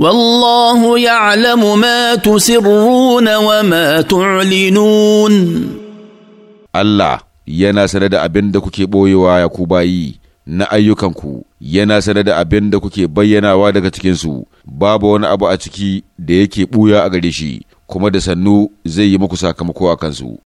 والله يعلم ما تسرون وما تعلنون Allah, yana sane da abin da kuke ɓoyewa ya ku bayi na ayyukanku yana sane da abin da kuke bayyanawa daga cikinsu babu wani abu a ciki da yake ɓuya a gare shi kuma da sannu zai yi muku sakamako a kansu